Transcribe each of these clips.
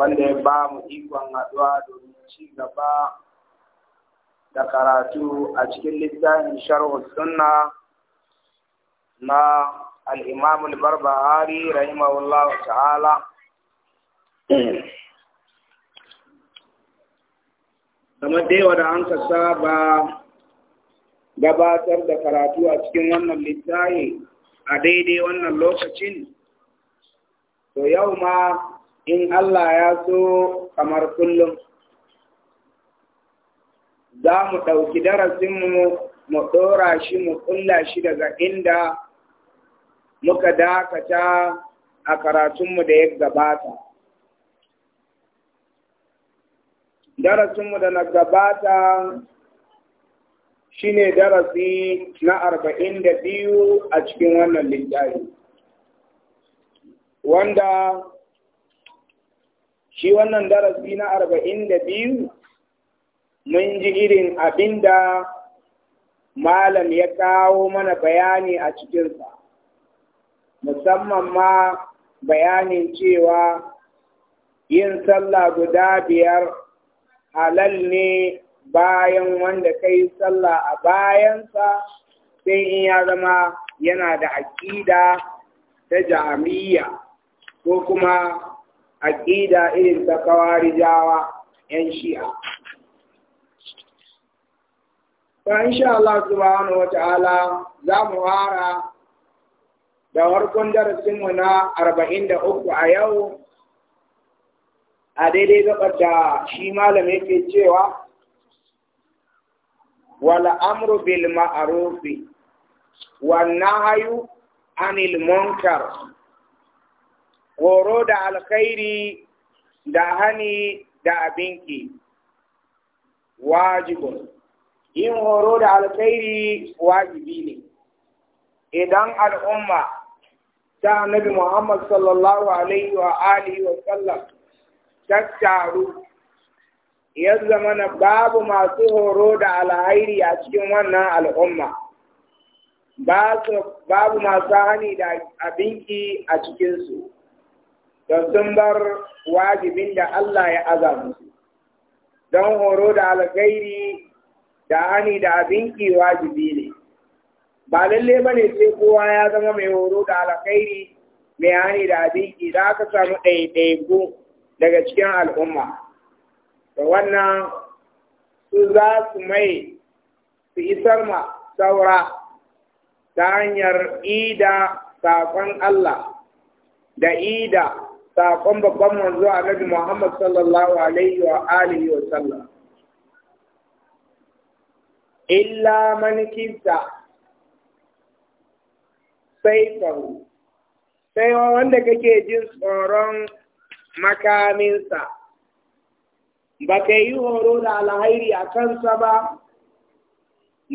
wanda ya ba mu ikon haɗuwa domin ci gaba da karatu a cikin littafin sharhu sunna na al barbahari rahimahullahu ta'ala kamar da yawa da an ka saba gabatar da karatu a cikin wannan littafi a daidai wannan lokacin to yau ma in Allah ya so kamar kullum za mu ɗauki darasinmu mu ɗora shi mu ƙulla shi daga inda muka dakata a karatunmu da ya gabata. Darasinmu da na gabata shi ne darasi na arba'in da biyu a cikin wannan littafi, wanda shi wannan darasi na arba'in da biyu mun ji irin abin da malam ya kawo mana bayani a cikinsa musamman ma bayanin cewa yin sallah guda biyar halal ne bayan wanda ka yi sallah a bayansa sai in ya zama yana da aƙida ta jami'a ko kuma aƙida irin ta kawarijawa 'yan shi'a. Ta insha Allah subhanahu wa ta'ala za mu hara da harkon darasinmu na arba'in da uku a yau a daidai gabar da shi malam yake cewa wal amru bil ma'arufi Wannan nahyu anil munkar horo da alkhairi da hani da abinki wajibun yin horo da alkhairi wajibi ne idan al'umma ta annabi Muhammad sallallahu alaihi wa alihi wa sallam ta taru ya zama babu masu horo da alhairi a cikin wannan al'umma babu masu hani da abinki a cikinsu da sun bar wajibin da Allah ya aza don horo da alkhairi da hani da abinki wajibi ne ba lalle ba ne sai kowa ya zama mai horo da alkhairi mai hani da abinki da aka samu ɗaiɗaiku daga cikin al'umma da wannan su za su mai su isar ma saura ta hanyar ida saƙon Allah da ida saƙon babban manzo annabi Muhammad sallallahu alaihi wa alihi wa sallam illa man sai faru sai wanda kake jin tsoron makaminsa ba ka yi horo da alhairi a kansa ba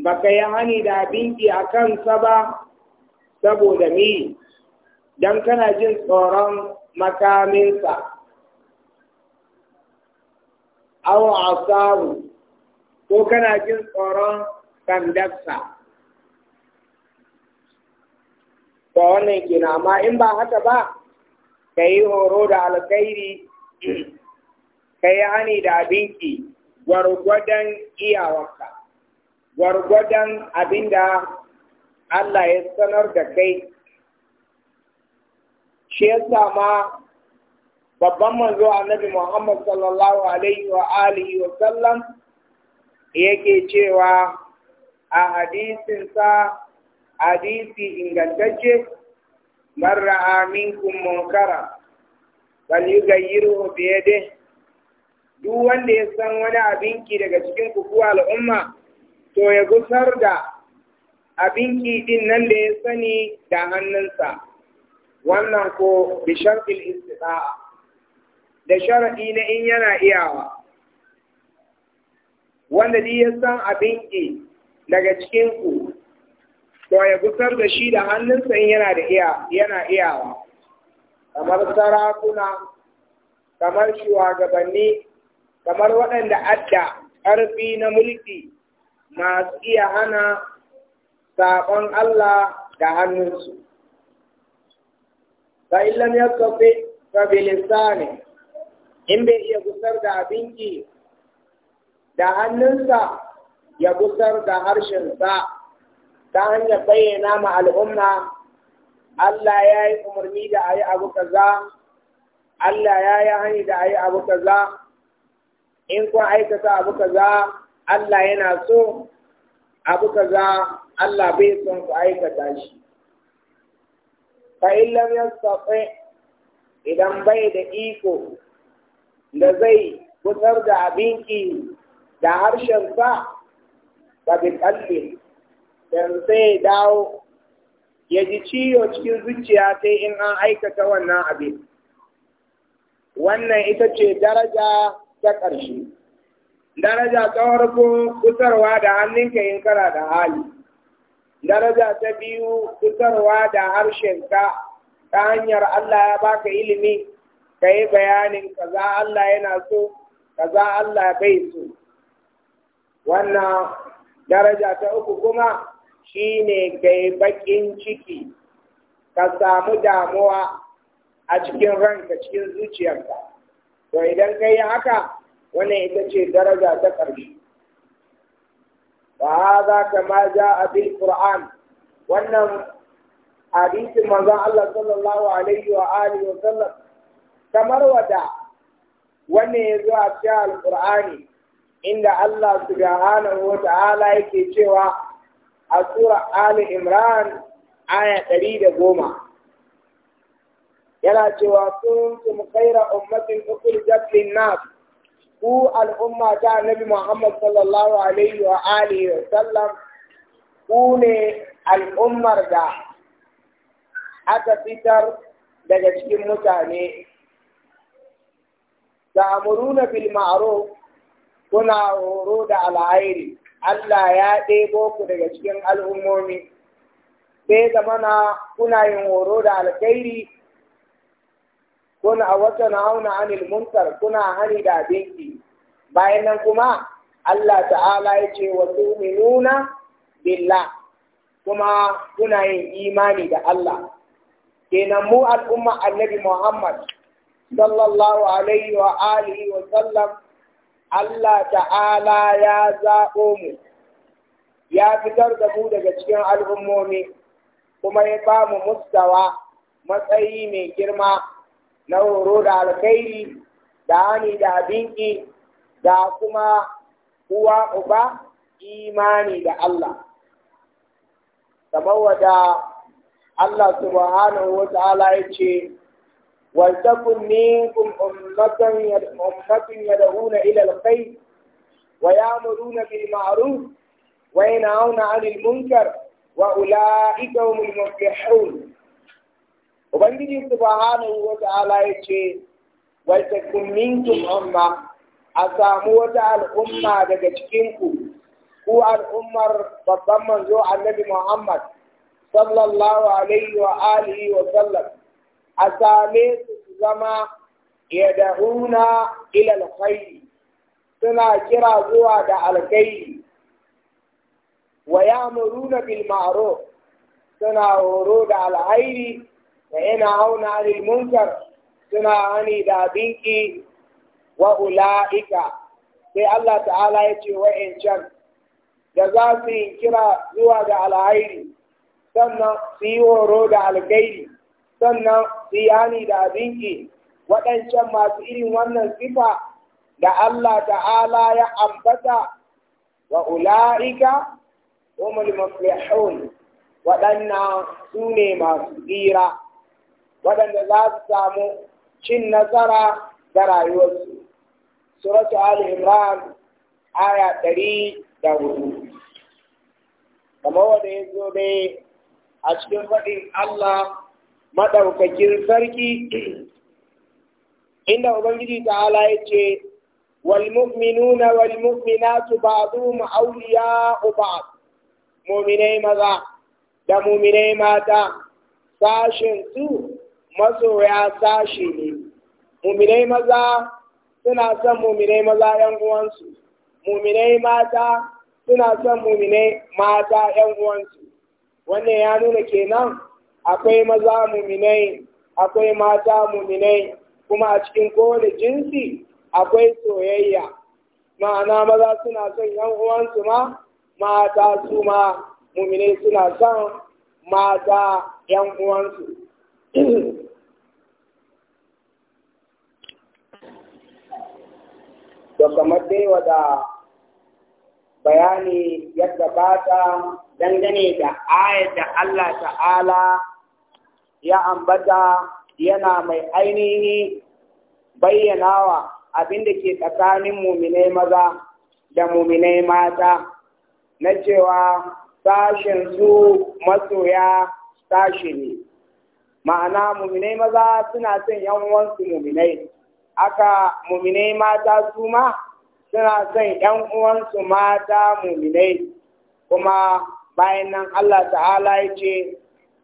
ba ka yi hani da abinci a kansa ba saboda ni don kana jin tsoron makaminsa aw asaru ko kana jin tsoron sandarsa Ba wannan kina amma in ba haka ba ka yi horo da alkairi ka yi hani da abinki gwargwadon iyawarka gwargwadon abin da Allah ya sanar da kai shi yasa ma babban manzo annabi Muhammad sallallahu alaihi wa alihi wa sallam yake cewa a hadisinsa hadisi ingantacce man ra'a minkum munkara bal yughayyiruhu bi yadihi duk wanda ya san wani abinki daga cikin kuku al'umma to ya gusar da abinki din nan da ya sani da hannunsa wannan ko bi shartil istida'a da sharadi na in yana iyawa wanda ni ya san abin ki daga cikin ku to ya gusar da shi da hannunsa in yana da iya yana iyawa kamar sarakuna kamar shuwagabanni, kamar waɗanda adda ƙarfi na mulki masu iya hana saƙon Allah da hannunsu Ka illan yakfi fa bilisani in bai iya gusar da abinci da hannunsa ya gusar da harshen sa. ta hanyar bayyana ma al'umma Allah ya yi umarni da a yi abu kaza Allah ya yi hani da a yi abu kaza in kun aikata abu kaza Allah yana so abu kaza Allah bai son ku aikata shi fa illam yastati idan bai da iko da zai fitar da abinki da harshen ba bi kalli dan sai dawo ya ji ciwo cikin zuciya sai in an aikata wannan abin wannan ita ce daraja ta ƙarshe daraja ta farko kusurwa da hannunka in kana da hali daraja ta biyu fitarwa da harshen ka ta hanyar Allah ya baka ilimi ka yi bayanin kaza Allah yana so kaza Allah bai so wannan daraja ta uku kuma shine ka yi bakin ciki ka samu damuwa a cikin ranka cikin zuciyarka to idan ka yi haka wannan ita ce daraja ta ƙarshe فهذا كما جاء في القرآن وأن حديث من الله صلى الله عليه وآله وسلم كما ودع وأن يزوى في القرآن إن الله سبحانه وتعالى يكيشوا السورة آل Ali آية aya قومة يلا goma. Yana خير أمة أخرجت للناس ku al'umma ta annabi Muhammad sallallahu alaihi wa alihi wa sallam ku ne al'ummar da aka fitar daga cikin mutane ta'muruna bil ma'ruf kuna horo da alhairi Allah ya ɗebo ku daga cikin al'ummomi sai zamana kuna yin horo da alkhairi kuna a wata na'auna anil munkar kuna hani da abinki bayan nan kuma Allah ta'ala ya ce wa tu'minuna billah kuma kuna yin imani da Allah kenan mu al'umma annabi Muhammad sallallahu alaihi wa alihi wa sallam Allah ta'ala ya zaɓo mu ya fitar da mu daga cikin al'ummomi kuma ya ba mu mustawa matsayi mai girma na horo da alkhairi da hannu da abinki da kuma uwa uba imani da Allah kamar wada Allah subhanahu wa ta'ala ya ce waltakun minkum ummatan ummatun yad'una ila alkhair wa ya'muruna bil ma'ruf wa yanhauna 'anil munkar wa ulaika humul muflihun ubangiji subhanahu wa ta'ala yace wal takum minkum umma a samu wata al'umma daga cikin ku ku al'ummar babban manzo annabi Muhammad sallallahu alaihi wa alihi wa sallam a same su zama yad'una ila alkhair suna kira zuwa da alkhairi wa ya'muruna bil ma'ruf suna horo da alkhairi da yana auna anil munkar suna hani da abinki wa ula'ika sai Allah ta'ala ya ce wa'incan da za su yi kira zuwa ga alhairi sannan su yi horo da alkairi sannan su da abinki waɗancan masu irin wannan sifa da Allah ta'ala ya ambata wa ula'ika umul muflihun waɗannan su ne masu hira. waɗanda za su samu cin nasara da rayuwarsu. Suratu Ali Imran aya ɗari da hudu. Kamar wanda ya zo dai a cikin faɗin Allah maɗaukakin sarki inda Ubangiji ta'ala ya ce, والمؤمنون والمؤمنات بعضهم أولياء بعض مؤمني maza da muminai mata sashen su masoya sashi ne muminai maza suna son muminai maza yan uwansu muminai mata suna son muminai mata yan wannan ya nuna kenan akwai maza muminai akwai mata muminai kuma a cikin kowane jinsi akwai soyayya ma'ana maza suna son yan uwansu ma mata su ma muminai suna son mata yan uwansu to kamar dai wada bayani yadda ta dangane da ayat da Allah ta'ala ya ambata yana mai ainihi bayyanawa abin da ke tsakanin muminai maza da muminai mata na cewa sashen su masoya sashe ne ma'ana muminai maza suna son yan uwansu muminai aka muminai mata su ma suna son ‘yan uwansu mata muminai kuma bayan nan Allah ta'ala ya ce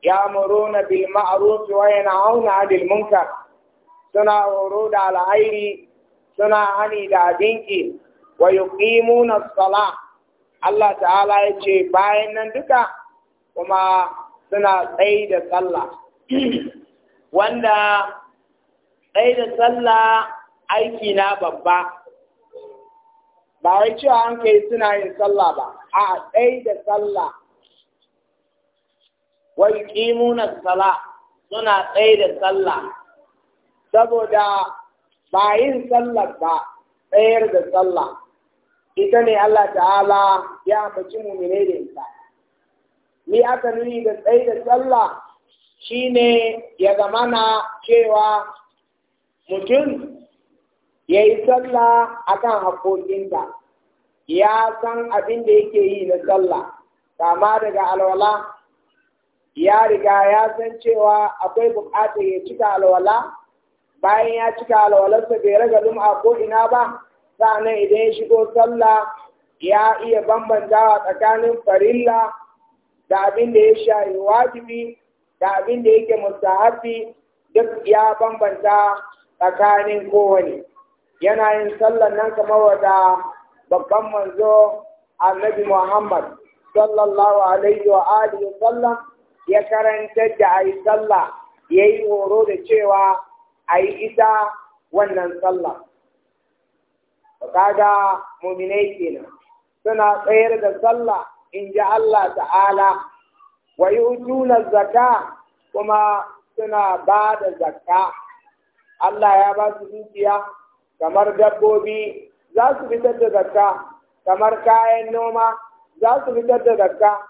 ya muruna bil ma'ruf wa yanhauna 'anil munkar suna horo da alhairi suna hani da abinki wa yuqimuna as-salah Allah ta'ala ya ce bayan nan duka kuma suna tsaye da sallah wanda tsaye da sallah aiki na babba ba wai cewa an kai suna yin sallah ba a tsaye da sallah wai ƙimuna sala suna tsaye da sallah saboda ba yin sallah ba tsayar da sallah ita ne Allah ta'ala ya ambaci mumine da ita ni aka nuni da tsaye da sallah shine ya zamana cewa mutum ya yi sallah a kan haƙoƙinta ya san abin da yake yi na sallah kama daga alwala ya riga ya san cewa akwai buƙatar ya cika alwala bayan ya cika alwalarsa bai raga lum'a ko ina ba sa'annan idan ya shigo sallah ya iya bambantawa tsakanin farilla da abin da ya shayi wajibi da abin da yake hafi duk ya bambanta tsakanin kowane yana yin sallan nan kamar wata babban manzo annabi Muhammad sallallahu alaihi wa alihi sallam ya karanta da ayi sallah yi horo da cewa ayi ita wannan sallah kaga mu'minai kenan suna tsayar da sallah in ji Allah ta'ala wa yutuna zaka kuma suna ba da zakka Allah ya ba su dukiya kamar dabbobi za su fitar da zakka kamar kayan noma za su fitar da zakka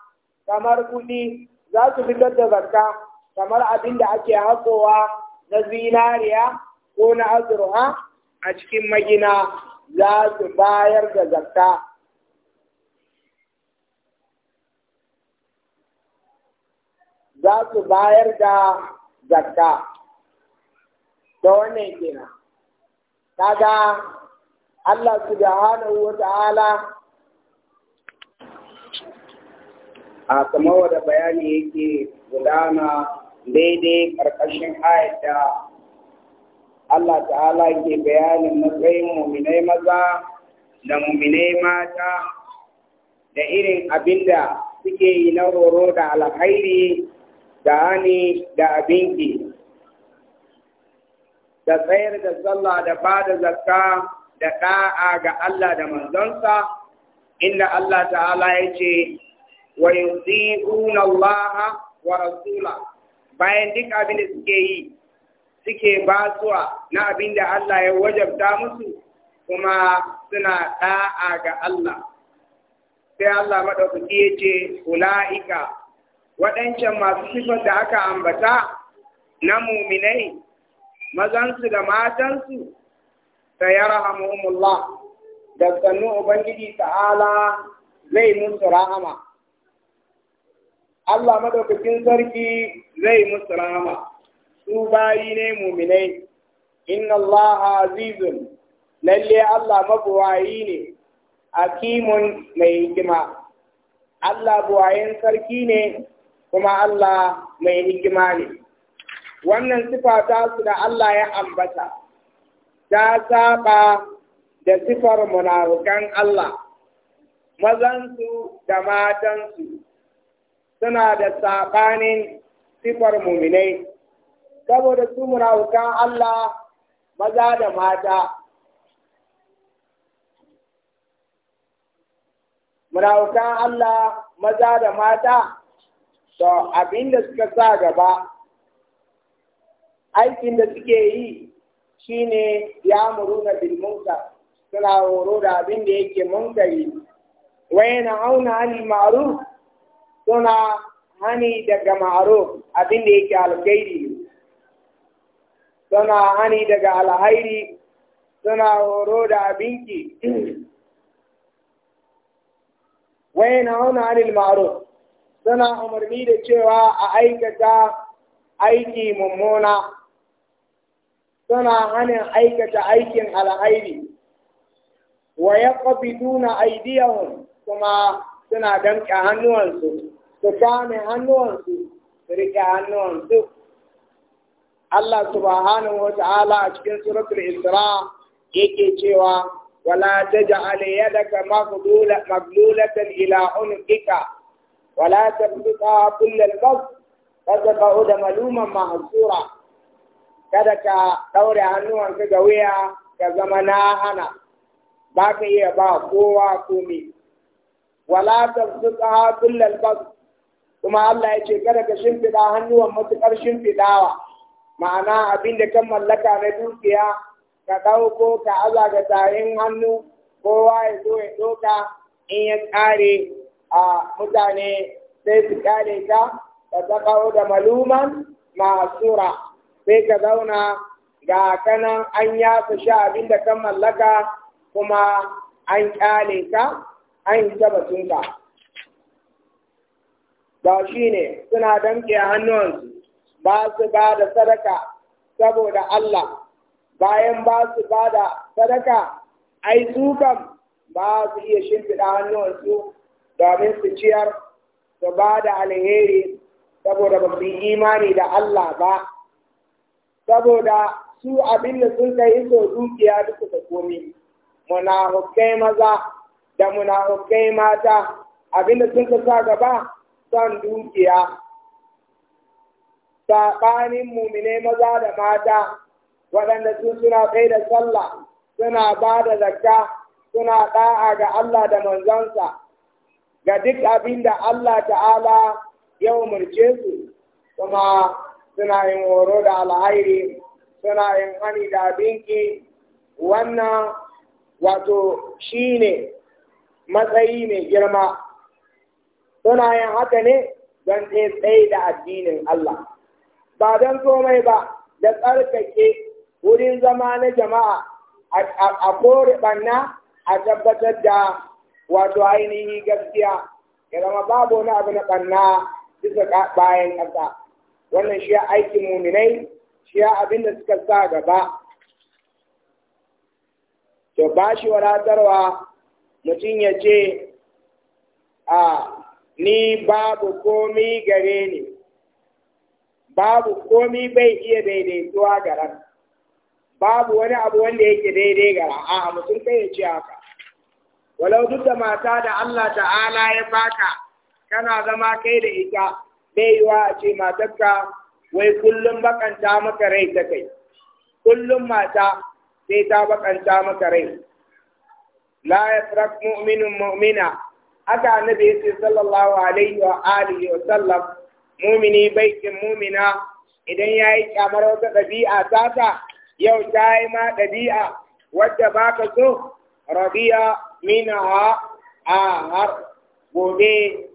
kamar kuɗi za su fitar da zakka kamar abin da ake hakowa na zinariya ko na azurha a cikin magina za su bayar da zakka za su bayar da zakka da wannan kenan kaga Allah subhanahu wa ta'ala a kamar da bayani yake gudana daidai ƙarƙashin ayata Allah ta'ala ke bayanin matsayin muminai maza da muminai mata da irin abinda suke yi na horo da alkhairi da hani da abinki da tsayar da sallah da ba da zakka da ɗa'a ga Allah da manzonsa inda Allah ta'ala ya ce wa yusiquna Allah wa rasula bayan duk abin da suke yi suke basuwa na abin da Allah ya wajabta musu kuma suna ɗa'a ga Allah sai Allah maɗaukaki ya ce ula'ika waɗancan masu sifar da aka ambata na muminai mazansu da matansu ta yarhamuhumullah da sannu ubangiji ta'ala zai musu rahama Allah madaukakin sarki zai musu rahama su bayi ne muminai inna Allah azizun lalle Allah mabuwayi ne hakimun mai hikima Allah buwayen sarki ne kuma Allah mai hikima ne wannan sifa ta su da Allah ya ambata ta saba da sifar munafukan Allah mazansu da matansu suna da saɓanin sifar muminai saboda su munafukan Allah maza da mata munafukan Allah maza da mata to abinda suka sa gaba aikin da suke yi shine ya muru na bilmunka suna horo da abin da yake munkari wa na auna al maru suna hani daga maru abin da yake alkhairi suna hani daga alhairi suna horo da abinki wa na auna al maru suna umarni da cewa a aikata aiki mummuna suna hanin aikata aikin alhairi wa yaqbiduna aydiyahum kuma suna damƙe hannuwansu su kame hannuwansu su riƙe hannuwansu Allah subhanahu wa ta'ala a cikin suratul Isra yake cewa wala taj'al yadaka maghlulatan ila unuqika wala tabsutha kullal bast fa taqa'uda maluman mahsura kada ka ɗaure hannuwanka ga wuya ka zama na hana ba ka iya ba kowa komi wala ta suka kullal bas kuma Allah ya ce kada ka shimfiɗa hannuwan matuƙar shimfiɗawa ma'ana abin da kan mallaka na dukiya ka ɗauko ka aza ga tarin hannu kowa ya zo ya ɗoka in ya ƙare a mutane sai su ƙare ka ka taɓa da maluman masura. sai ka zauna ga kanan an yasa sha abin da kan mallaka kuma an kyale ka an yi batunka ba shi ne suna damke hannuwansu ba su ba da sadaka saboda Allah bayan ba su ba da sadaka ai dukan, kam ba su iya shimfiɗa hannuwansu domin su ciyar su ba da alheri saboda ba su yi imani da Allah ba saboda su abin da sun kai so dukiya duka da komi munafukai maza da muna munafukai mata abin da sun sa gaba son dukiya saɓanin mumine maza da mata waɗanda su suna kai da sallah suna ba da zakka suna ɗa'a ga Allah da manzansa ga duk abin da Allah ta'ala ya umarce su kuma suna yin horo da alhairi suna yin hani da abinki wannan wato shi ne matsayi mai girma suna yin haka ne don tsaye da addinin Allah ba don komai ba da tsarkake wurin zama na jama'a a kore ɓanna a tabbatar da wato ainihi gaskiya ya zama babu wani abu na ɓanna bisa bayan ƙasa wannan shi ya aiki muminai shi ya abin da suka sa gaba to ba shi wadatarwa mutum ya ce a ni babu komi gare ni babu komi bai iya daidaituwa garan babu wani abu wanda yake daidai gara a mutum kai ya ce haka walau duk da mata da Allah ta'ala ya baka kana zama kai da ita baiwa a ce matarka wai kullum bakanta maka rai ta kai kullum mata sai ta bakanta maka rai la yafrak mu'minin mu'mina haka ya ce sallallahu alaihi wa alihi wa sallam mu'mini baikin mu'mina idan ya yi kyamar wata ɗabi'a ta ta yau ta yi ma ɗabi'a wadda baka so rabiya mina a har gobe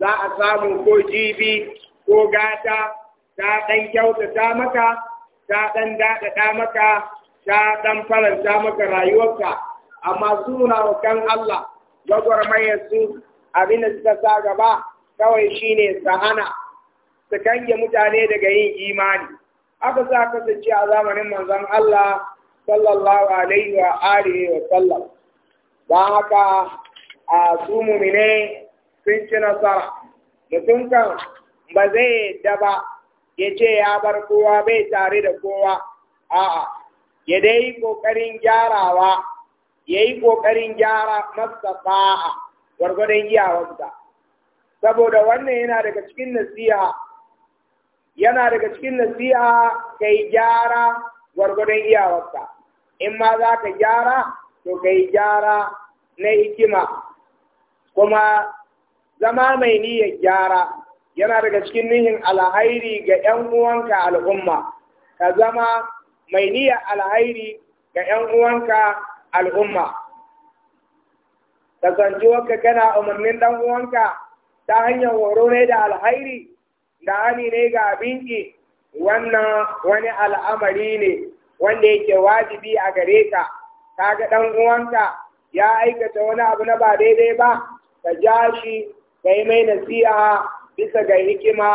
za a samu ko jibi ko gata ta ɗan ta maka ta ɗan daɗaɗa maka ta ɗan faranta maka rayuwarka amma suna wa kan Allah gwagwarmayar su abin da suka sa gaba kawai shine sahana su kange mutane daga yin imani aka sa kasance a zamanin manzon Allah sallallahu alaihi wa alihi wa sallam ba haka a su sun ci nasara mutum kan ba zai yadda ba ya ce ya bar kowa bai tare da kowa a'a ya dai kokarin gyarawa ya yi kokarin gyara masa gwargwadon iyawarsa saboda wannan yana daga cikin nasiha yana daga cikin nasiha ka yi gyara gwargwadon iyawarsa in ma za ka gyara to ka yi gyara na hikima kuma zama mai niyyar gyara yana daga cikin nihin alhairi ga 'yan uwanka al'umma ka zama mai niyyar alhairi ga 'yan uwanka al'umma kasancewarka kana umarnin ɗan uwanka ta hanyar horo ne da alhairi da hani ne ga abinci wannan wani al'amari ne wanda yake wajibi a gare ka ga ɗan uwanka ya aikata wani abu na ba daidai ba ka ja shi Kai mai nasiha bisa ga hikima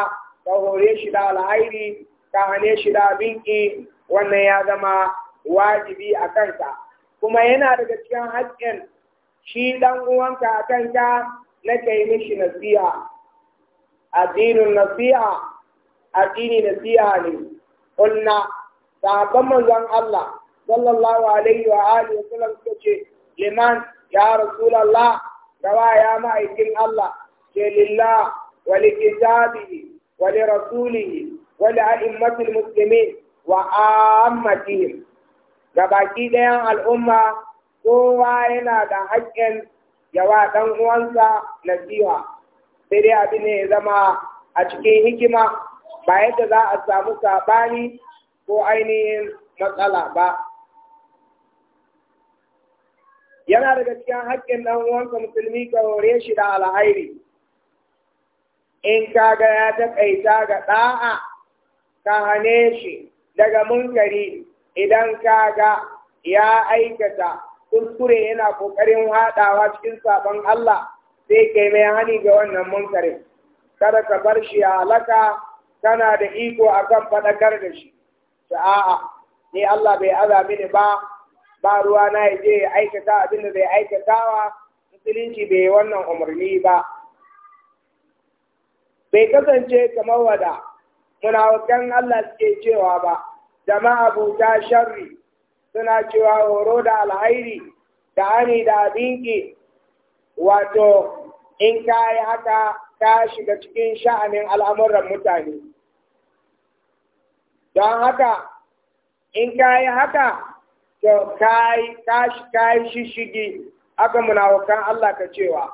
ka hore shi da alhairi ka hane shi da binki wannan ya zama wajibi a kanka kuma yana daga cikin haƙƙin shi ɗan uwanka a kanka na ka yi mishi nasiha addinin nasiha addini nasiha ne Kunna, sabon manzon Allah sallallahu alaihi wa alihi wa sallam suka ce liman ya rasulullah gawa ya ma'aikin Allah لله ولكتابه ولرسوله ولأئمة المسلمين وعامتهم gabaki ɗayan al'umma kowa yana da haƙƙin yawa ɗan uwansa nasiha sai dai abin ne ya zama a cikin hikima ba yadda za a samu saɓani ko ainihin matsala ba yana daga cikin haƙƙin ɗan uwansa musulmi ka hore shi da alhairi in kaga ya taƙaita ga ɗa'a ka hane shi daga munkari idan kaga ya aikata kuskure yana ƙoƙarin haɗawa cikin sabon Allah sai kai mai hani ga wannan munkari kada ka bar shi ya halaka kana da iko akan faɗakar da shi a'a ni Allah bai aza mini ba ba ruwa na ya je ya aikata abin da bai aikatawa musulunci bai wannan umarni ba bai kasance kamar wada munawakan Allah suke cewa ba jama'a buta sharri suna cewa horo da alhairi da ani da abinki wato in kayi haka ka shiga cikin sha'anin al'amuran mutane don haka in kayi haka to ka shi shigi shishigi aka munawakan Allah ka cewa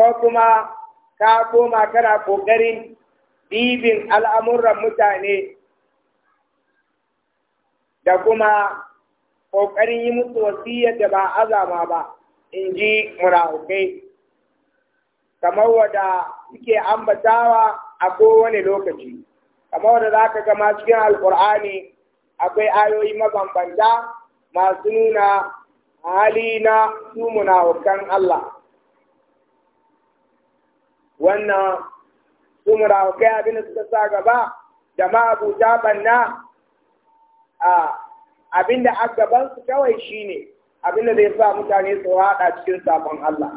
ko kuma ka koma kana ƙoƙarin bibin al'amuran mutane da kuma ƙoƙarin yi musu wasiyar da ba azama ba, in ji murahukai kamar wada suke ambatawa a kowane lokaci, kamar wada za ka gama cikin alkur'ani akwai ayoyi mabambanta masu nuna hali na su munafukan Allah. wannan su murawakai abin da suka sa gaba da ma abuja banna a abin da a gabansu kawai shine abin da zai sa mutane su haɗa cikin sabon Allah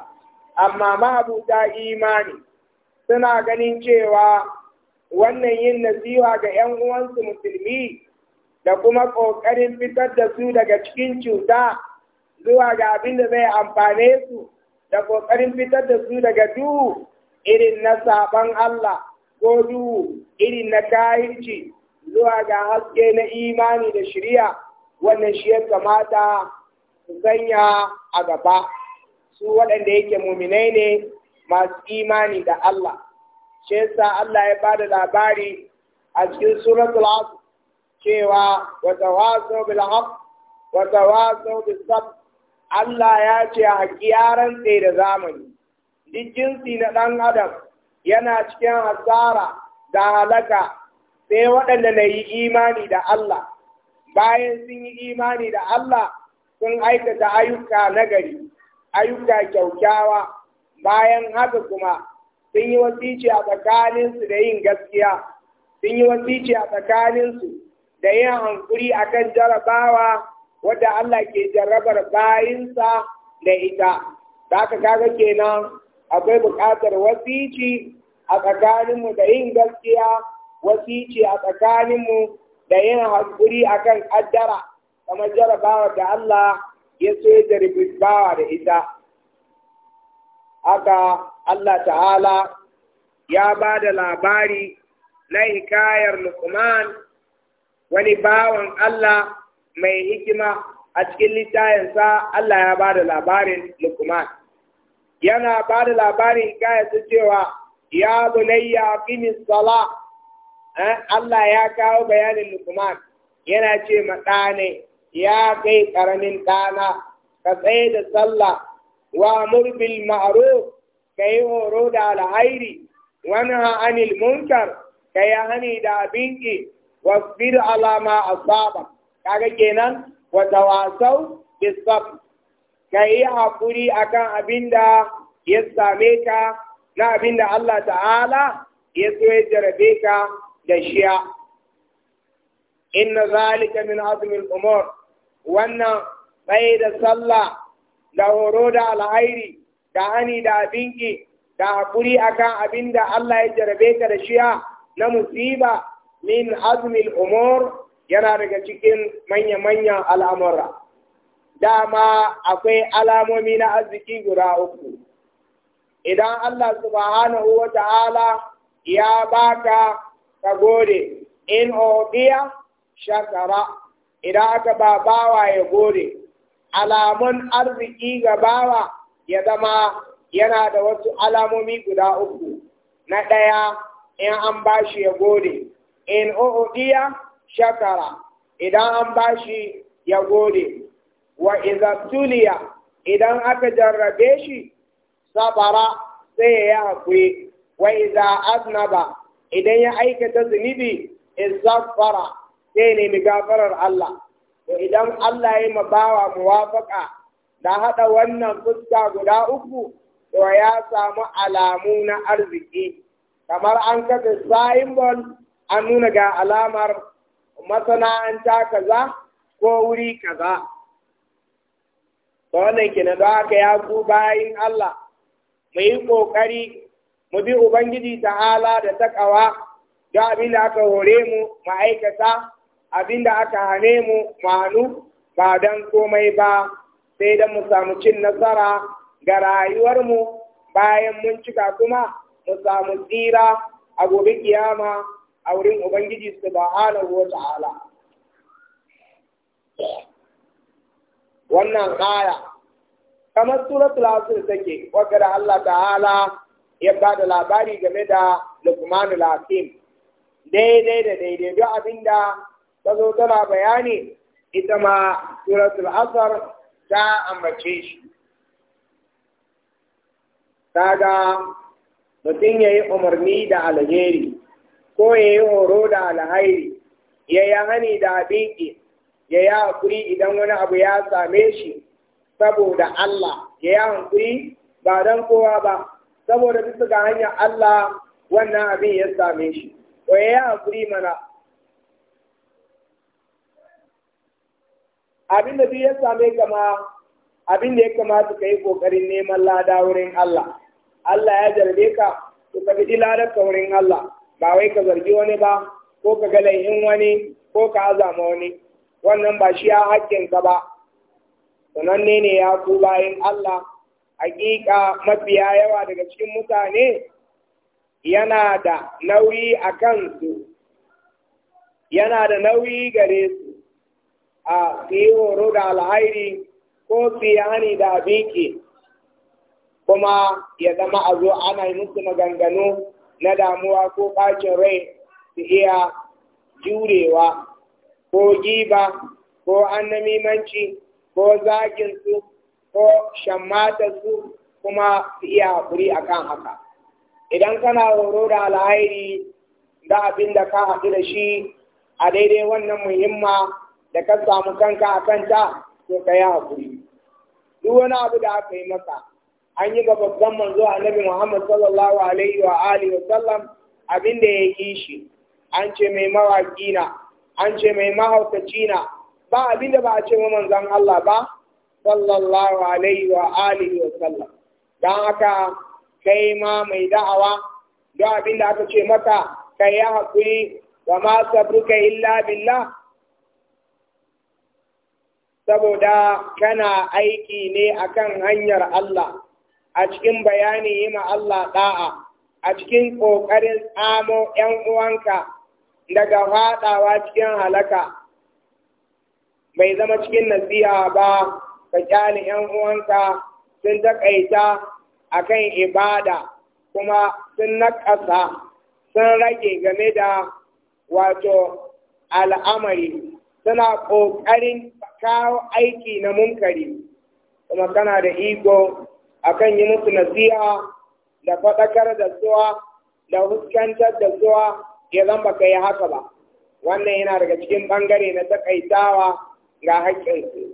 amma ma imani suna ganin cewa wannan yin nasiha ga 'yan uwansu musulmi da kuma ƙoƙarin fitar da su daga cikin cuta zuwa ga abin da zai amfane su da ƙoƙarin fitar da su daga duhu irin na saban Allah ko duhu irin na kahirci zuwa ga haske na imani da shirya wannan shi ya kamata su sanya a gaba su waɗanda yake muminai ne masu imani da Allah shi yasa Allah ya bada labari a cikin suratul asr cewa wa tawasaw bil haqq wa tawasaw Allah ya ce a kiyaran da zamani duk jinsi na ɗan adam yana cikin hasara da halaka sai waɗanda na yi imani da Allah bayan sun yi imani da Allah sun aikata ayyuka nagari ayyuka kyaukyawa bayan haka kuma sun yi wasici a tsakaninsu da yin gaskiya sun yi wasici a tsakaninsu da yin hankuri akan jarabawa wadda Allah ke jarabar bayinsa da ita. Za ka kaga kenan akwai buƙatar wasici a tsakaninmu da yin gaskiya wasici a tsakaninmu da yin a kan ƙaddara kamar jarabawa da Allah ya so ya jarabawa da ita haka Allah ta'ala ya ba da labari na hikayar Luqman wani bawan Allah mai hikima a cikin littayensa Allah ya ba da labarin Luqman. yana ba da labarin su cewa ya bulayya aqimi sala eh, Allah ya kawo bayanin Luqman yana ce maɗane ya kai ƙaramin ɗana ka tsaye da sallah wa murbin ma'ruf ka yi horo da alhairi wani anil munkar ka yi hani da abinki wasbir alama a asaba kaga kenan wata tawasau bisab ka yi haƙuri akan abin da ya same ka na abin da Allah ta'ala ya so ya jarabe ka da shiya. Inna zalika min azumin umar wannan tsaye da sallah da horo da alhairi da hani da abinki da haƙuri akan abin da Allah ya jarabe ka da shiya na musiba min azumin umar yana daga cikin manya-manyan al'amura. dama akwai alamomi na arziki guda uku idan Allah subhanahu wa ta'ala ya baka ka gode in obiya shakara idan aka ba bawa ya gode alamun arziki ga bawa ya zama yana da wasu alamomi guda uku na ɗaya in an bashi ya gode in obiya shakara idan an bashi ya gode wa idza tuliya idan aka jarrabe shi sabara sai ya hakuri wa idza aznaba idan ya aikata zunubi izaffara sai ne mi gafarar Allah to idan Allah ya mabawa muwafaka da hada wannan fuska guda uku to ya samu alamu na arziki kamar an kafe signboard an nuna ga alamar masana'anta kaza ko wuri kaza ta wannan kenan don haka ya ku bayan Allah mu yi ƙoƙari mu bi Ubangiji ta'ala da taƙawa don abin da aka hore mu ma'aikata abin da aka hane mu manu ba don komai ba sai don mu samu cin nasara ga rayuwarmu bayan mun cika kuma mu samu tsira a gobe kiyama a wurin Ubangiji subhanahu wa ta'ala. wannan aya kamar suratul asr take wadda da Allah ta'ala ya ba da labari game da lukmanul hakim daidai da daidai abin abinda ta zo tana bayani ita ma suratul asr ta ambace shi kaga mutum ya yi umarni da alheri ko ya yi horo da alhairi ya yi hani da abin ya yi hankuri idan wani abu ya same shi saboda Allah ya yi hankuri ba don kowa ba saboda bisa ga hanyar Allah wannan abin ya same shi to ya yi hankuri mana abin da ya same kama abin da ya kamata ka yi ƙoƙarin neman lada wurin Allah Allah ya jarbe ka to ka bi ladar ka wurin Allah ba wai ka zargi wani ba ko ka ga wani ko ka azama wani wannan ba shi ya haƙƙinka ba sananne ne ya ku bayan Allah hakika mafiya yawa daga cikin mutane yana da nauyi a kansu yana da nauyi gare su a su yi da alhairi ko su da biki kuma ya zama a zo ana yi musu maganganu na damuwa ko ɓacin rai su iya jurewa ko giba ko annamimanci ko zagin su ko shammata su kuma su iya haƙuri kan haka idan kana horo da alhairi da abin da ka haɗu da shi a daidai wannan muhimma da ka samu kanka a kanta to ka yi haƙuri duk wani abu da aka yi maka an yi ga babban manzo annabi Muhammad sallallahu alaihi wa alihi wa sallam abin da ya yi shi an ce mai mawaƙi na an ce mai mahaukaci na ba abin da ba a ce manzan Allah ba sallallahu alaihi wa alihi wa sallam dan haka kai ma mai da'awa da abin da aka ce maka kai ya hakuri wa ma sabruka illa billah saboda kana aiki ne akan hanyar Allah a cikin bayani yi ma Allah da'a a cikin ƙoƙarin tsamo ‘yan uwanka daga faɗawa cikin halaka bai zama cikin nasiha ba ka kyale ‘yan uwanka sun taƙaita a kan ibada kuma sun naƙasa sun rage game da wato al'amari suna ƙoƙarin kawo aiki na munkari kuma kana da iko akan yi musu nasiha da faɗakar da suwa da huskantar da suwa ya zan baka yi haka ba wannan yana daga cikin bangare na takaitawa ga haƙƙinsu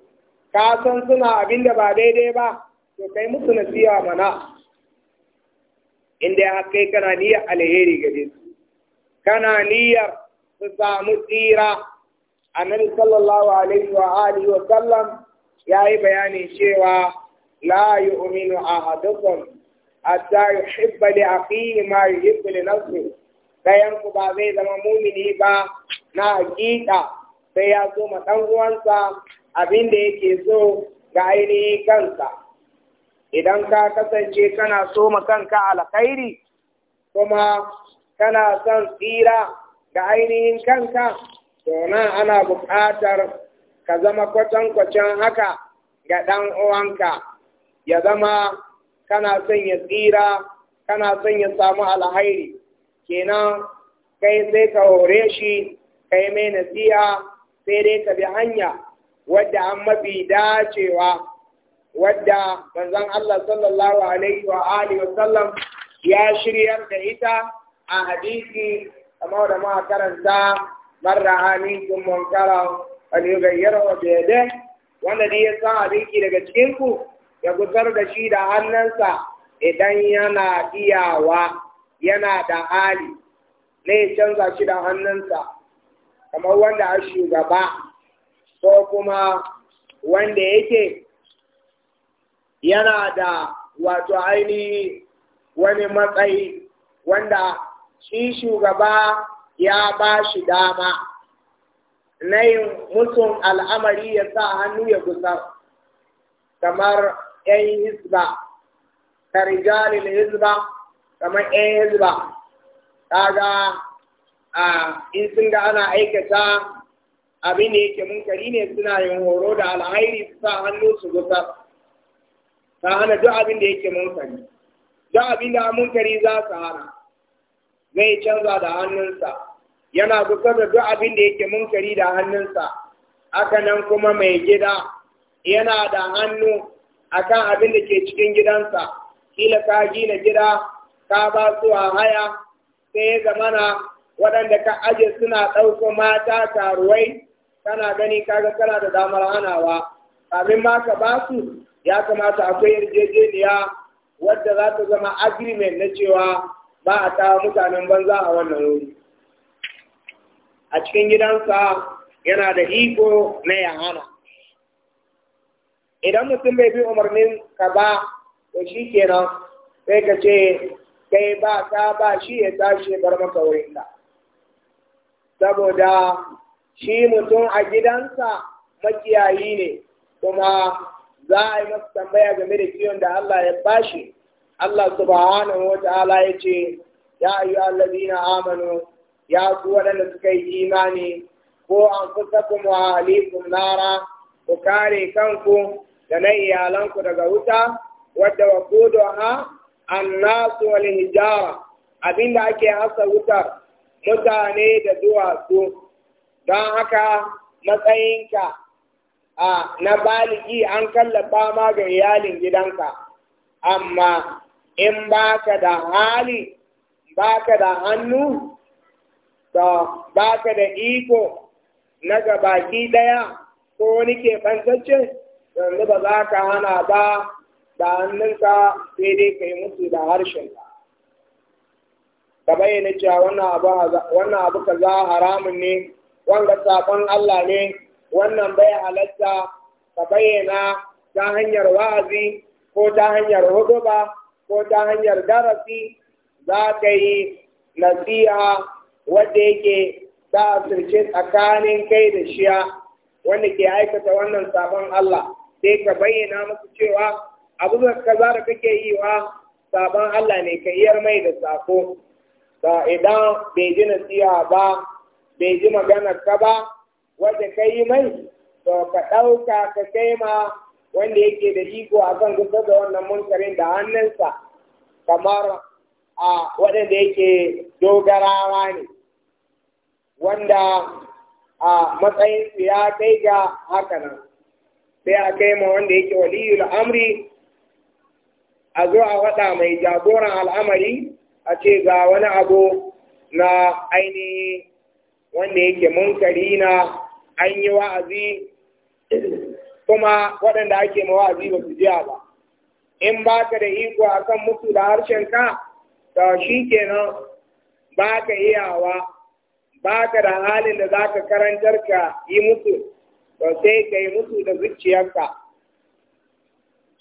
ka san suna abin da ba daidai ba to kai musu nasiya mana inda ya kai kana niyyar alheri gare su kana niyyar su samu tsira annabi sallallahu alaihi wa alihi wa sallam yayi bayanin cewa la yu'minu ahadukum hatta yuhibba li akhihi ma yuhibbu li nafsihi ɗayan ku ba zai zama mumini ba na hakika sai ya so ma ɗan uwansa abin da yake so ga ainihin kansa idan ka kasance kana so ma kanka alkhairi kuma kana son tsira ga ainihin kanka to nan ana buƙatar ka zama kwacan-kwacan haka ga ɗan uwanka ya zama kana son ya tsira kana son ya samu alhairi kenan kai sai ka hore shi kai mai nasiha sai dai ka bi hanya wadda an mafi dacewa wadda manzon Allah sallallahu alaihi wa alihi wa ya shiryar da ita a hadisi kamar da ma karanta marra aminkum munkara an yugayyara bi yadihi wanda dai ya san hadisi daga cikin ku ya gusar da shi da hannunsa idan yana iyawa yana da hali ne canza shi da hannunsa kamar wanda a shugaba ko kuma wanda yake yana da wato ainihi wani matsayi wanda shi shugaba ya ba shi dama na yin mutum al'amari ya sa hannu ya kusa kamar ‘yan hizba, ta rijalin hizba kamar ɗan ba kaga a in sun ga ana aikata abin da yake munkari ne suna yin horo da alhairi su sa hannu su gusa ta hana duk abin da yake munkari duk abin da munkari za su hana zai canza da hannunsa yana gusa da duk abin da yake munkari da hannunsa haka nan kuma mai gida yana da hannu akan abin da ke cikin gidansa kila ka gina gida ka ba su a haya sai zamana waɗanda ka aje suna ɗauko mata taruwai kana gani kaga kana da damar hanawa abin ma ka ba su ya kamata akwai yarjejeniya wadda za ta zama agreement na cewa ba a tawa mutanen banza a wannan wuri a cikin gidansa yana da iko na ya hana idan mutum bai bi umarnin ka ba to shi kenan sai ka ce kai ba ka ba shi ya tashi bar maka da. saboda shi mutum a gidansa makiyayi ne kuma za a yi masa tambaya game da kiyon da Allah ya bashi Allah subhanahu wa ta'ala ya ce ya ayu allazina amanu ya ku waɗanda suka yi imani ko an fusakum wa alaikum nara ku kare kanku da na iyalanku daga wuta wadda wa ha annasu wal hijara abinda ake hasa wutar mutane da su don haka matsayinka a na baligi an kallafa ma ga iyalin gidanka amma in baka da hali baka da hannu to baka da iko na gabaki daya ko wani keɓantacce yanzu ba za ka hana ba da hannunka sai dai ka yi musu da harshenka ka bayyana cewa wannan abu ka za haramun ne wanga sabon Allah ne wannan bai halatta ka bayyana ta hanyar wa'azi ko ta hanyar huduba ko ta hanyar darasi za ka yi nasiha wadda yake ta asirce tsakanin kai da shiya wanda ke aikata wannan sabon Allah sai ka bayyana musu cewa da kaza da kake yi wa sabon Allah ne ka iyar mai da sako ba idan bai ji nasiha ba bai ji magana ka ba wanda ka yi mai to ka ɗauka ka kai ma wanda yake da iko a kan kusa da wannan munkarin da hannunsa kamar a waɗanda yake dogarawa ne wanda a matsayinsu ya kai ga hakanan sai a kai ma wanda yake waliyul amri a zo a waɗa mai jagoran al'amari a ce ga wani abu na ainihi wanda yake munkari na an yi wa'azi kuma waɗanda ake ma wa'azi ba su jiya ba in ba ka da iko a kan mutu da harshen ka shi kenan ba ka iyawa ba ka da halin da za ka karantar ka yi mutu ba sai ka yi mutu da zuciyarka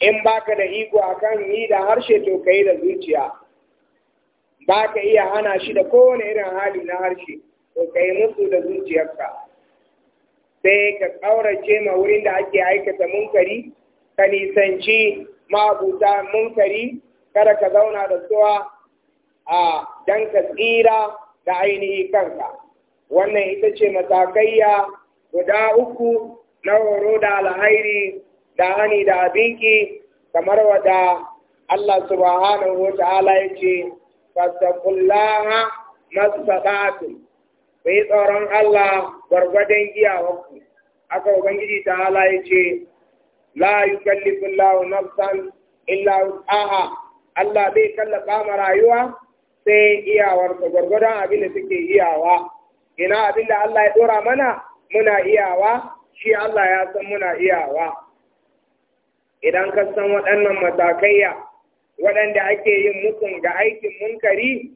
in baka da iko akan yi da harshe to ka yi da zuciya ba ka iya hana shi da kowane irin hali na harshe to ka yi musu da zuciyarka sai ka ƙaurace ma wurin da ake aikata munkari ka nisanci mabuta munkari kada ka zauna da suwa a dan ka tsira da ainihi kanka wannan ita ce matakayya guda uku na horo da alhairi da hani da abinki kamar wada Allah subhanahu wa ta'ala ya ce fastaqullaha mastata'tum ku yi tsoron Allah gwargwadon iyawarku aka ubangiji ta'ala ya ce la yukallifu Allahu nafsan illa wus'aha Allah bai kallafa ma rayuwa sai iyawarsa gwargwadon abin da suke iyawa ina abin da Allah ya dora mana muna iyawa shi Allah ya san muna iyawa idan ka san waɗannan matakaiya waɗanda ake yin mutum ga aikin munkari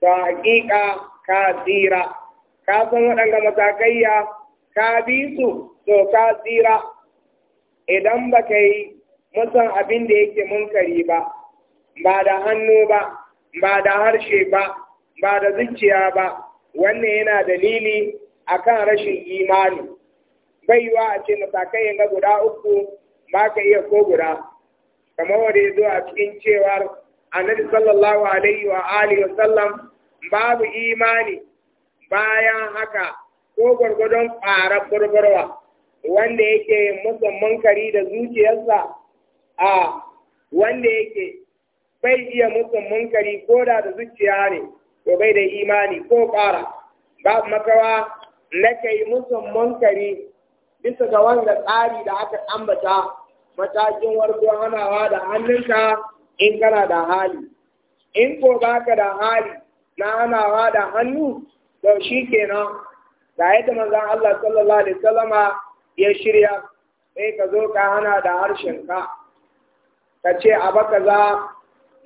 to haƙiƙa ka tsira ka san waɗanda matakaiya ka bi su to ka tsira idan ba ka yi musan abin da yake munkari ba ba da hannu ba ba da harshe ba ba da zuciya ba wannan yana dalili akan rashin imani baiwa a ce matakai na guda uku ba ka iya ko guda kamar wanda ya zo a cikin cewar annabi sallallahu alaihi wa alihi wa sallam babu imani bayan haka ko gwargwadon ƙara burburwa wanda yake musamman kari da zuciyarsa a wanda yake bai iya musamman kari ko da da zuciya ne to bai da imani ko ƙara babu makawa na kai musamman kari bisa ga wanda tsari da aka ambata matakin warko hanawa da hannunka in kana da hali in ko baka da hali na hanawa da hannu to shi kenan ga yadda manzon Allah sallallahu alaihi wasallama ya shirya sai ka zo ka hana da harshen ka ce baka kaza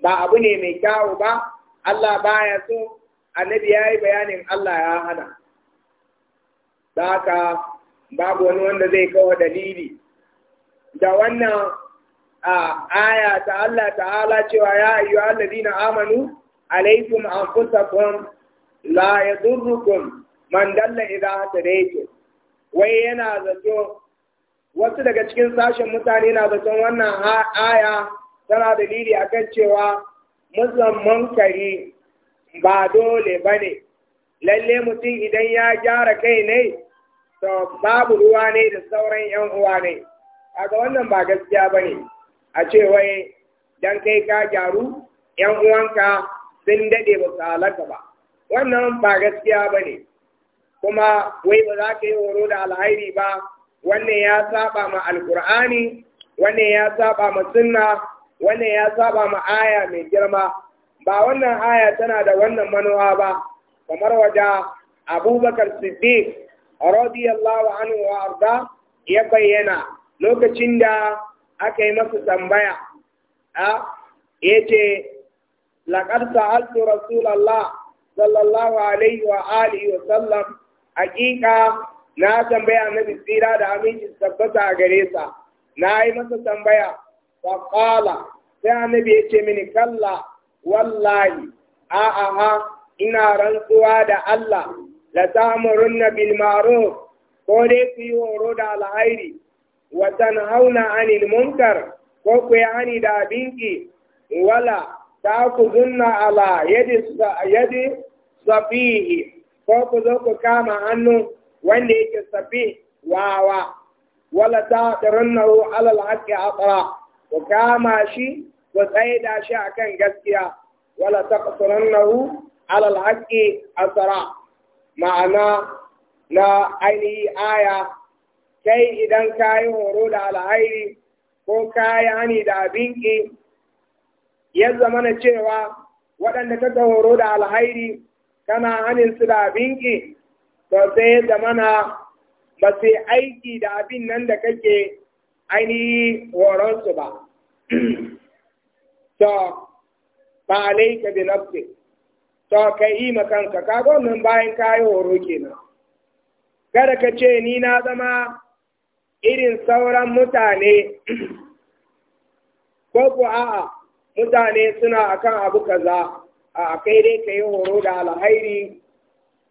ba abu ne mai kyawu ba Allah baya so annabi ya yi bayanin Allah ya hana da haka babu wani wanda zai kawo dalili da wannan aya ta Allah ta'ala cewa ya ayyu allazina amanu alaikum anfusakum la yadurrukum man dalla wai yana zato wasu daga cikin sashen mutane na zaton wannan aya tana dalili akan cewa musamman kare ba dole ba ne, lalle mutum idan ya gyara kai ne, to babu ruwa ne da sauran ‘yan uwa ne, kaga wannan ba gaskiya bane a ce wai dan kai ka gyaru yan uwanka sun dade ba su halaka ba wannan ba gaskiya bane kuma wai ba za ka yi horo da alhairi ba wannan ya saba ma alkur'ani wannan ya saba ma sunna wannan ya saba ma aya mai girma ba wannan aya tana da wannan manowa ba kamar waje abubakar siddiq radiyallahu anhu wa arda ya bayyana lokacin da aka yi masa tambaya a yace laƙarta sa'altu rasulallah sallallahu alaihi wa alihi wa sallam haƙiƙa na tambaya na bisira da aminci tabbata a gare sa na yi masa tambaya faƙala sai annabi ya ce mini kalla wallahi a'a ha ina rantsuwa da Allah la ta'murunna bil ma'ruf ko dai ku yi horo da alhairi watan hauna ani munkar ko ku hani da binki wala ta ku zunna ala yadi yadi safihi ko ku zo ku kama hannu wanda yake safi wawa wala ta tarannahu ala alhaqi atra ku kama shi ku tsaida shi akan gaskiya wala ta tarannahu ala alhaqi asra ma'ana na ainihi aya kai idan ka yi horo da alhairi ko ka yi hani da abinki ya zama na cewa waɗanda kaka horo da alhairi kana hanin su da abinki ƙi to sai ya zama na ba su aiki da abin nan da kake ainihi horonsu ba. To, ba alaika bi nafsi. To, ka yi makanka, ka gwamnan bayan ka yi horo kenan. Kada ka ce ni na zama irin sauran mutane ko ku a'a mutane suna akan abu kaza a kai dai ka yi horo da alhairi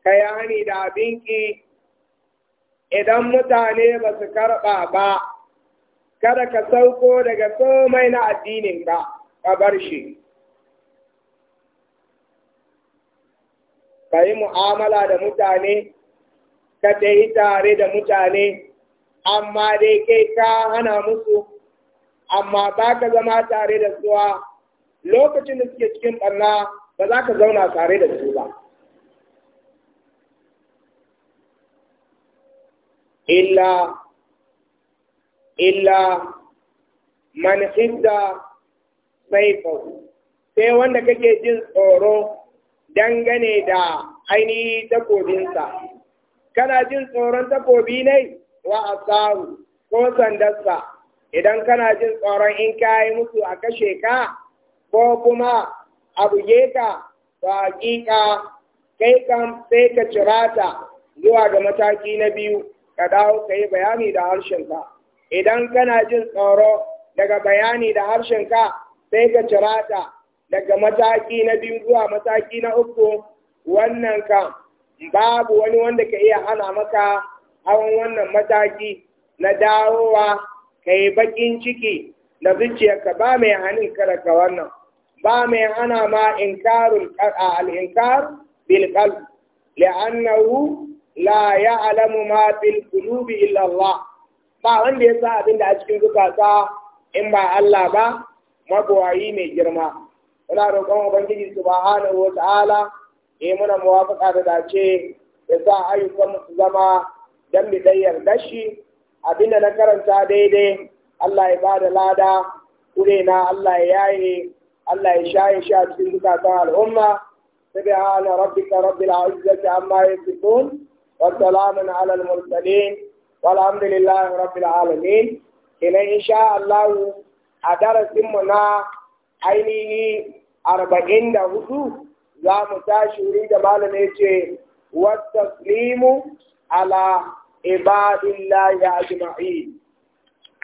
ka yani da abinki idan mutane ba su karɓa ba kada ka sauko daga komai na addinin ba, ka bar shi ka yi mu'amala da mutane ka yi tare da mutane amma dai kai ka hana musu amma ba ka zama tare da suwa lokacin da suke cikin ɓarna ba za ka zauna tare da su ba illa illa man sai wanda kake jin tsoro dangane da ainihi takobinsa kana jin tsoron takobi ne wa asaru ko sandarsa idan kana jin tsoron in kayi musu a kashe ka ko kuma a buge ka a hakika kai kan sai ka cira ta zuwa ga mataki na biyu ka dawo ka yi bayani da harshenka idan kana jin tsoro daga bayani da harshen ka sai ka cira ta daga mataki na biyu zuwa mataki na uku wannan kan babu wani wanda ka iya hana maka hawan wannan mataki na dawowa ka yi bakin ciki da zuciyarka ba mai kada ka wannan ba mai hana ma inkarul al-inkar bil li'annahu la ya alamu ma fil qulubi illallah. ba wanda ya sa abin da a cikin zukata in ba Allah ba magwayi mai girma ina roƙon ubangiji subhanahu wa ta'ala ya muna muwafaqa da dace ya sa ayyukan su zama dan bi dai yarda shi abinda na karanta daidai Allah ya bada lada kure na Allah ya yaye Allah ya shaye shi a cikin zukatan al'umma سبحان ربك رب العزة عما يصفون وسلام على المرسلين والحمد لله رب العالمين إن إن شاء الله أدرس منا عينه أربعين دهوتو زام تاشوري دمال نيتي والتسليم على عباد الله أجمعين